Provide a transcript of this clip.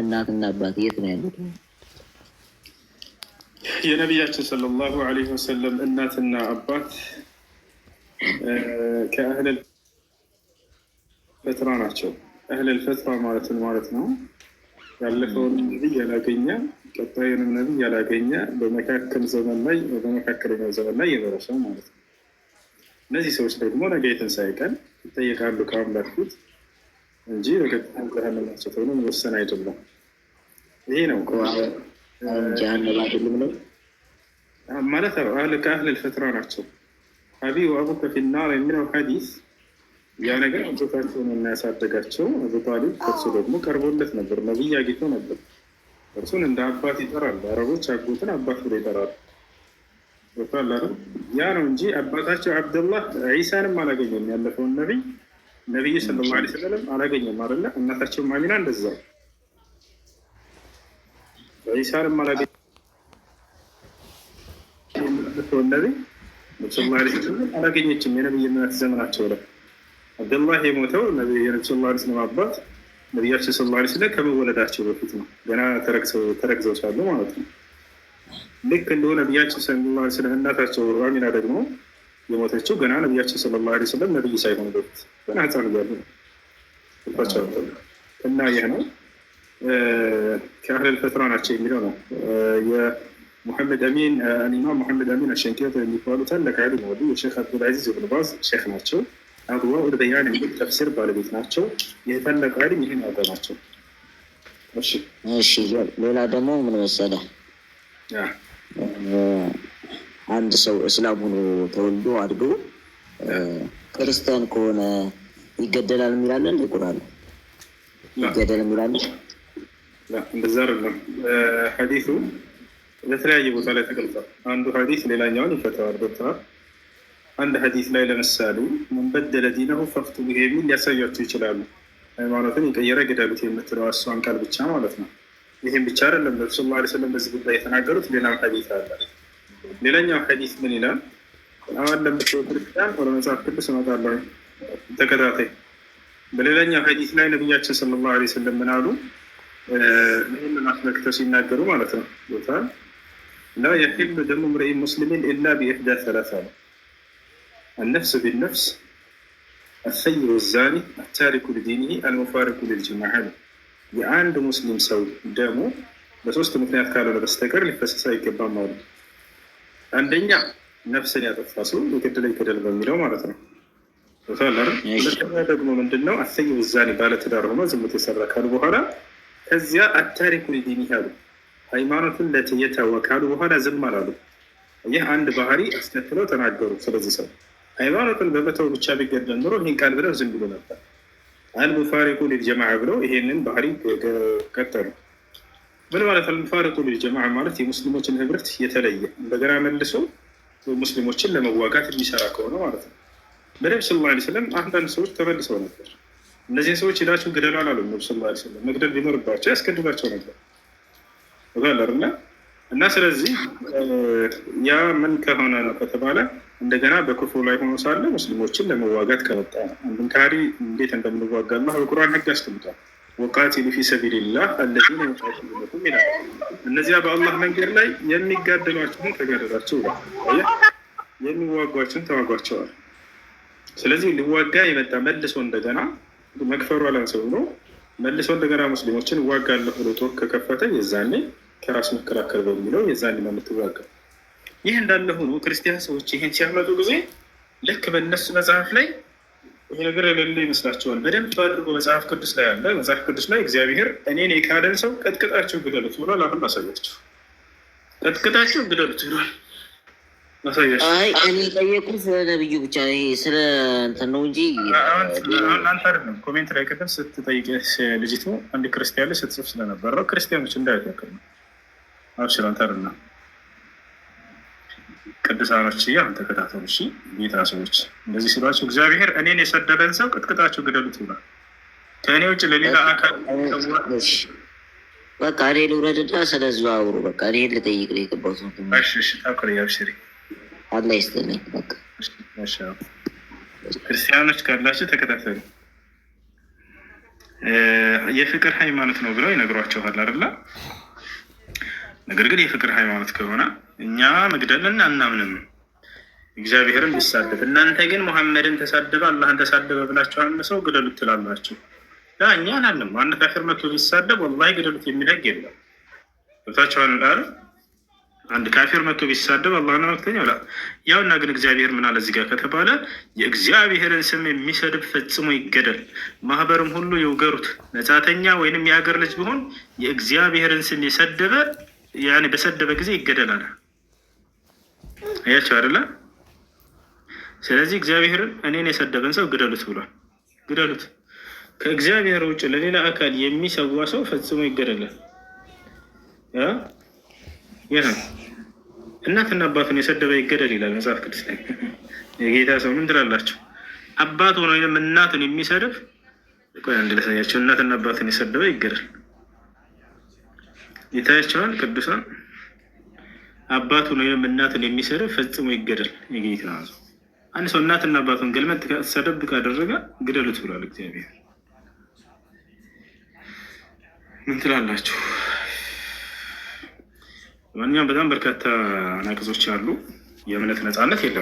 እናትና አባት የት ነው ያሉት? የነቢያችን ሰለላሁ ዐለይሂ ወሰለም እናትና አባት ከአህለል ፈትራ ናቸው። አህለል ፈትራ ማለትን ማለት ነው ያለፈውን ነቢይ ያላገኘ ቀጣዩንም ነቢይ ያላገኘ በመካከል ዘመን ላይ በመካከለኛው ዘመን ላይ ሰው ማለት ነው። እነዚህ ሰዎች ደግሞ ነገ የትንሣኤ ቀን ይጠየቃሉ ከአምላክ ፊት እንጂ በቀጥታም ብርሃን ማስቸት ሆኖ ወሰን አይደለም። ይሄ ነው ማለት ከአህል ልፈትራ ናቸው። አቢ ወአቡከ ፊናር የሚለው ሀዲስ ያ ነገር አጎታቸውን የሚያሳደጋቸው አቡ ጣሊብ እርሱ ደግሞ ቀርቦለት ነበር። ነቢይ አግኝቶ ነበር። እርሱን እንደ አባት ይጠራል። አረቦች አጎትን አባት ብሎ ይጠራል። ይጠራሉ። ያ ነው እንጂ አባታቸው አብደላህ ዒሳንም አላገኘም ያለፈውን ነቢይ ነቢይ ስለ ላ ስለም አላገኘም አለ። እናታችን ማሚና እንደዛ ኢሳንም አላገኘም። ነቢ ነብ ላ ስለም አላገኘችም። የነብይነት ዘመናቸው ላይ አብደላህ የሞተው የነብ ላ ስለም አባት ነቢያችን ስለ ላ ስለም ከመወለዳቸው በፊት ነው። ገና ተረግዘው ሳሉ ማለት ነው። ልክ እንዲሁ ነቢያችን ስለ ላ ስለም እናታቸው አሚና ደግሞ የሞተችው ገና ነቢያችን ሰለላሁ ዐለይሂ ወሰለም ነቢይ ሳይሆኑ በፊት ገና ህፃን እያሉ ነው እና ይህ ነው ከአህለል ፈትራ ናቸው የሚለው ነው። የሙሐመድ አሚን አልኢማም ሙሐመድ አሚን አሸንኪያት የሚባሉ ታላቅ ዓሊም አሉ። የሼክ አብዱልዓዚዝ ብን ባዝ ሼክ ናቸው። አድዋ ኡልበያን የሚል ተፍሲር ባለቤት ናቸው። ይህ ታላቅ ዓሊም ይህን አውቀ ናቸው። እሺ ሌላ ደግሞ ምን መሰለህ አንድ ሰው እስላም ሆኖ ተወልዶ አድጎ ክርስቲያን ከሆነ ይገደላል የሚላለን ይቁራል ይገደል የሚላለን እንደዛ አይደለም። ሐዲሱ በተለያየ ቦታ ላይ ተገልጿል። አንዱ ሐዲስ ሌላኛውን ይፈተዋል። ቦታ አንድ ሐዲስ ላይ ለምሳሌ መንበደለ ዲነሁ ፈፍቱ ብሄሚ ሊያሳያቸው ይችላሉ። ሃይማኖትን የቀየረ ግደሉት የምትለው እሷን ቃል ብቻ ማለት ነው። ይህም ብቻ አይደለም። ነብዩ ሰለላሁ ዓለይሂ ወሰለም በዚህ ጉዳይ የተናገሩት ሌላም ሐዲስ አለ። ሌላኛው ሀዲስ ምን ይላል? አሁን ለምትወ ክርስቲያን ወደ መጽሐፍ ቅዱስ እመጣለሁ ተከታታይ። በሌላኛው ሀዲስ ላይ ነቢያችን ሰለላሁ ዐለይሂ ወሰለም ምን አሉ? ይህንን አስመልክተው ሲናገሩ ማለት ነው ቦታ ላ የሒሉ ደሙ ምርኢ ሙስሊሚን ኢላ ቢኢሕዳ ሰላሳ ነው አነፍስ ቢነፍስ አሰይ ወዛኒ አታሪኩ ልዲኒ አልሙፋሪኩ ልልጅማዓ ነው። የአንድ ሙስሊም ሰው ደሙ በሶስት ምክንያት ካልሆነ በስተቀር ሊፈሰስ አይገባም አሉ። አንደኛ ነፍስን ያጠፋ ሰው የገደለ ይገደል በሚለው ማለት ነው። ሁለተኛ ደግሞ ምንድነው አሰይ ውዛኔ ባለትዳር ሆኖ ዝሙት የሰራ ካሉ በኋላ ከዚያ አታሪኩ ሊዲን ያሉ ሃይማኖቱን ለትየተወ ካሉ በኋላ ዝም አላሉ። ይህ አንድ ባህሪ አስከትለው ተናገሩ። ስለዚህ ሰው ሃይማኖቱን በመተው ብቻ ቢገደል ኑሮ ይህን ቃል ብለው ዝም ብሎ ነበር። አልሙፋሪቁ ሊል ብለው ይሄንን ባህሪ ቀጠሉ። ምን ማለት አልሙፋረቁ ልጀማዓ ማለት የሙስሊሞችን ህብረት የተለየ እንደገና መልሶ ሙስሊሞችን ለመዋጋት የሚሰራ ከሆነ ማለት ነው። በነቢ ስ ላ ስለም አንዳንድ ሰዎች ተመልሰው ነበር። እነዚህን ሰዎች ሄዳችሁ ግደሉ አላሉም። ነቢ ስ ላ ስለም መግደል ሊኖርባቸው ያስገድላቸው ነበር ላለርና እና ስለዚህ ያ ምን ከሆነ ነው ከተባለ እንደገና በክፉ ላይ ሆኖ ሳለ ሙስሊሞችን ለመዋጋት ከመጣ ነው። አንድን ካህዲ እንዴት እንደምንዋጋ አላህ በቁርአን ህግ አስቀምጧል። ወቃቲሉ ፊ ሰቢልላህ አለዚነ ዩቃቲሉነኩም ይላል። እነዚያ በአላህ መንገድ ላይ የሚጋደሏችሁን ተጋደሏቸው ይላል። የሚዋጓችሁን ተዋጓቸዋል። ስለዚህ ሊዋጋ የመጣ መልሶ እንደገና መክፈሩ አላንሰው ነው። መልሶ እንደገና ሙስሊሞችን እዋጋለሁ ብሎ ጦር ከከፈተ የዛኔ ከራሱ መከላከል በሚለው የዛኔ ነው የምትዋጋው። ይህ እንዳለ ሆኖ ክርስቲያን ሰዎች ይህን ሲያመጡ ጊዜ ልክ በእነሱ መጽሐፍ ላይ ይህ ነገር የሌለ ይመስላቸዋል። በደንብ አድርጎ መጽሐፍ ቅዱስ ላይ አለ። መጽሐፍ ቅዱስ ላይ እግዚአብሔር እኔን የካደን ሰው ቀጥቅጣችሁ ግደሉት ብሏል። አሁን ላሳያችሁ፣ ቀጥቅጣችሁ ግደሉት ብሏል። አይ እኔ ጠየቁት ነብዩ ብቻ ስለ እንትን ነው እንጂ አንተ አይደለም። ኮሜንት ላይ ቅድም ስትጠይቅ ልጅቱ አንድ ክርስቲያን ላይ ስትጽፍ ስለነበረው ክርስቲያኖች እንዳያጠቅም ነው አብሽር አንተ አይደለም ቅዱሳኖች እያሉ ተከታተሉ። እሺ ጌታ ሰዎች እንደዚህ ሲሏቸው እግዚአብሔር እኔን የሰደበን ሰው ቅጥቅጣቸው ግደሉት ይላል። ከእኔ ውጭ ለሌላ አካል በቃ እኔ ልውረድና ስለዚ አውሩ። በቃ እኔን ልጠይቅ ነው የገባሁት። አላ ይስጥልኝ። ክርስቲያኖች ካላቸው ተከታተሉ። የፍቅር ሃይማኖት ነው ብለው ይነግሯቸዋል አይደለ? ነገር ግን የፍቅር ሃይማኖት ከሆነ እኛ መግደልን አናምንም፣ እግዚአብሔርን ሊሳደብ እናንተ ግን መሐመድን ተሳደበ አላህን ተሳደበ ብላችሁ አንድ ሰው ግደሉት ትላላችሁ። እኛ አናምንም። አንድ ካፊር መቶ ቢሳደብ ወላሂ ግደሉት የሚል ህግ የለም። ብታቸኋን ቃል አንድ ካፊር መቶ ቢሳደብ አላህን መክተኛ ብላ ያውና ግን እግዚአብሔር ምን አለ እዚህ ጋር ከተባለ የእግዚአብሔርን ስም የሚሰድብ ፈጽሞ ይገደል፣ ማህበርም ሁሉ ይውገሩት። ነጻተኛ ወይንም የሀገር ልጅ ቢሆን የእግዚአብሔርን ስም የሰደበ ያኔ በሰደበ ጊዜ ይገደላል። አያቸው አይደለ? ስለዚህ እግዚአብሔርን እኔን የሰደበን ሰው ግደሉት ብሏል። ግደሉት። ከእግዚአብሔር ውጭ ለሌላ አካል የሚሰዋ ሰው ፈጽሞ ይገደላል። ይህ እናትና አባቱን የሰደበ ይገደል ይላል መጽሐፍ ቅዱስ ላይ። የጌታ ሰው ምን ትላላቸው? አባት ሆነ ወይም እናትን የሚሰድብ ቆይ አንድ ላሳያቸው። እናትና አባትን የሰደበ ይገደል። ይታያቸዋል ቅዱሳን አባቱን ወይም እናቱን የሚሰድብ ፈጽሞ ይገደል። የጌታ ናዙ አንድ ሰው እናትና አባቱን ገልመት ሰደብ ካደረገ ግደሉት ብሏል እግዚአብሔር። ምን ትላላችሁ? ማንኛውም በጣም በርካታ አናቅጾች አሉ። የእምነት ነፃነት የለም።